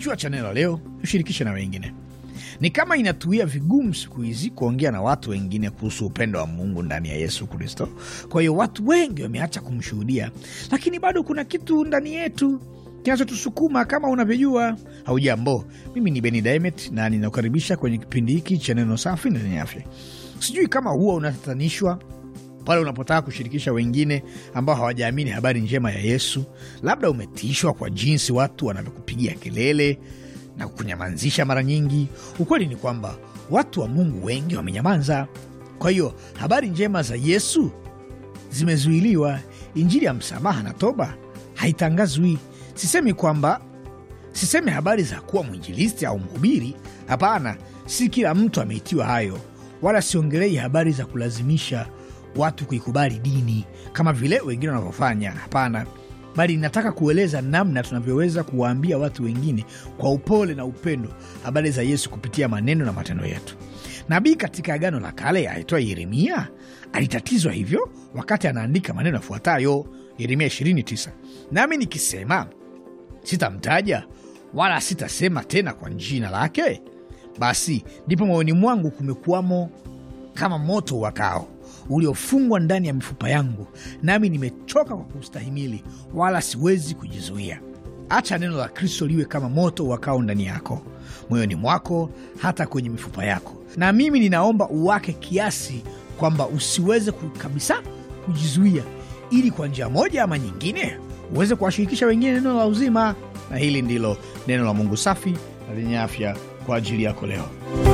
Kichwa cha neno leo, tushirikishe na wengine. Ni kama inatuia vigumu siku hizi kuongea na watu wengine kuhusu upendo wa Mungu ndani ya Yesu Kristo. Kwa hiyo watu wengi wameacha kumshuhudia, lakini bado kuna kitu ndani yetu kinachotusukuma kama unavyojua. Haujambo, mimi ni Beni Dimet na ninakukaribisha kwenye kipindi hiki cha neno safi na lenye afya. Sijui kama huwa unatatanishwa pale unapotaka kushirikisha wengine ambao hawajaamini habari njema ya Yesu. Labda umetishwa kwa jinsi watu wanavyokupigia kelele na kunyamanzisha mara nyingi. Ukweli ni kwamba watu wa Mungu wengi wamenyamaza. Kwa hiyo habari njema za Yesu zimezuiliwa. Injili ya msamaha na toba haitangazwi. Sisemi kwamba sisemi habari za kuwa mwinjilisti au mhubiri. Hapana, si kila mtu ameitiwa hayo, wala siongelei habari za kulazimisha watu kuikubali dini kama vile wengine wanavyofanya. Hapana, bali nataka kueleza namna tunavyoweza kuwaambia watu wengine kwa upole na upendo habari za Yesu kupitia maneno na matendo yetu. Nabii katika Agano la Kale aitwa Yeremia alitatizwa hivyo wakati anaandika maneno yafuatayo, Yeremia 29, nami nikisema sitamtaja wala sitasema tena kwa jina lake, basi ndipo moyoni mwangu kumekuwamo kama moto wakao uliofungwa ndani ya mifupa yangu, nami nimechoka kwa kustahimili, wala siwezi kujizuia. Acha neno la Kristo liwe kama moto wakao ndani yako moyoni mwako, hata kwenye mifupa yako, na mimi ninaomba uwake kiasi kwamba usiweze kabisa kujizuia, ili kwa njia moja ama nyingine uweze kuwashirikisha wengine neno la uzima. Na hili ndilo neno la Mungu safi na lenye afya kwa ajili yako leo.